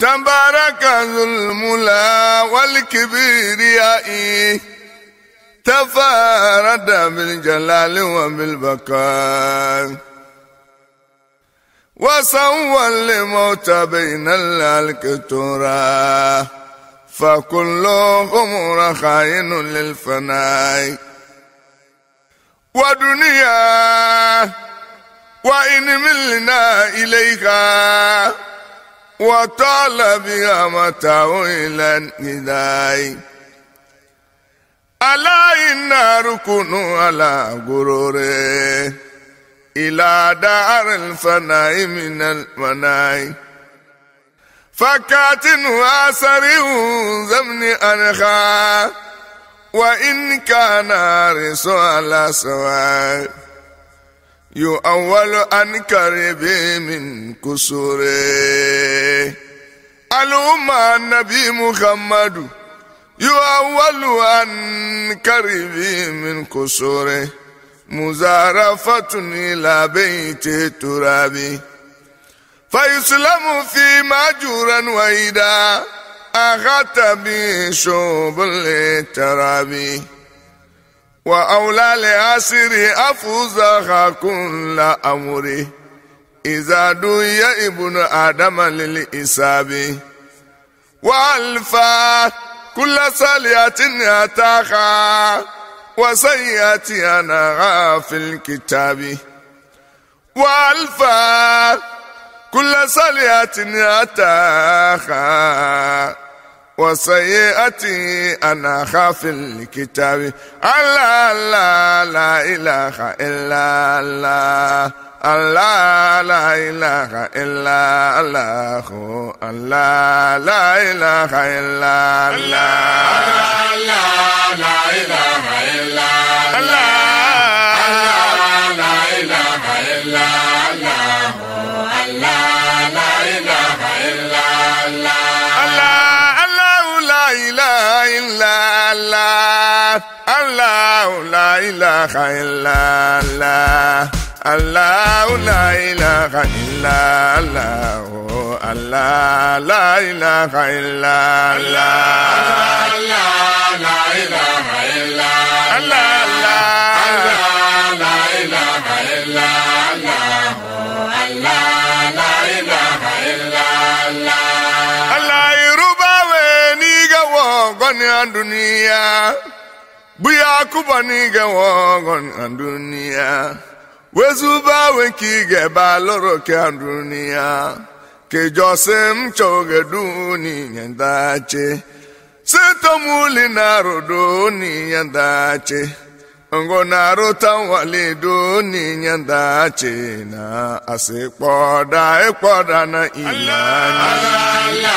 تبارك ذو الملا والكبرياء إيه. تفارد بالجلال وبالبقاء وسوى لموت بين الهلك ترى فكلهم رخاين للفناء ودنيا وإن ملنا إليها وطال بها متاويلا هداي ألا إن ركن على غروره إلى دار الفناء من المناي فكاتن واسر زمن أنخا وإن كان رسول سواء يؤول أن كرب من كسوري الأمة النبي محمد يؤول أن كرب من كسوري مزارفة إلى بيت ترابي فيسلم في ماجورا وإذا أخذت بشوب الترابي وأولى لعسر أفوزها كل أمري إذا دوي ابن آدم للإساب وألفا كل سالية أتاها وسيئة أنا في الكتاب وألفا كل سالية أتاها وسيئتي أنا خاف الكتاب الله لا لا إله إلا الله الله لا إله إلا الله الله لا إله إلا الله Allah la ilaha illa Allah. Allahu la ilaha illa Allah. Allah la ilaha illa Allah. Allah la ilaha illa Allah. Allah la ilaha illa Allah. Allah la ilaha illa Allah. Allah irubawe ni gawo buya akụba na ige nwe ọghọ na ndụ ya wezuba we nke ị ga eba alụrụ ka ndụ ya kejọsi m chọ oge duni nye ndachi setomuli na arụdo ni ndachi ngo na arụta nwale do ni ndachi na asị kpọda ịkpọda na ile anya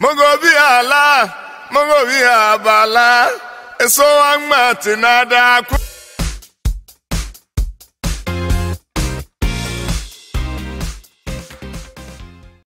Mungo ala, mungo bala, eso ang matinada.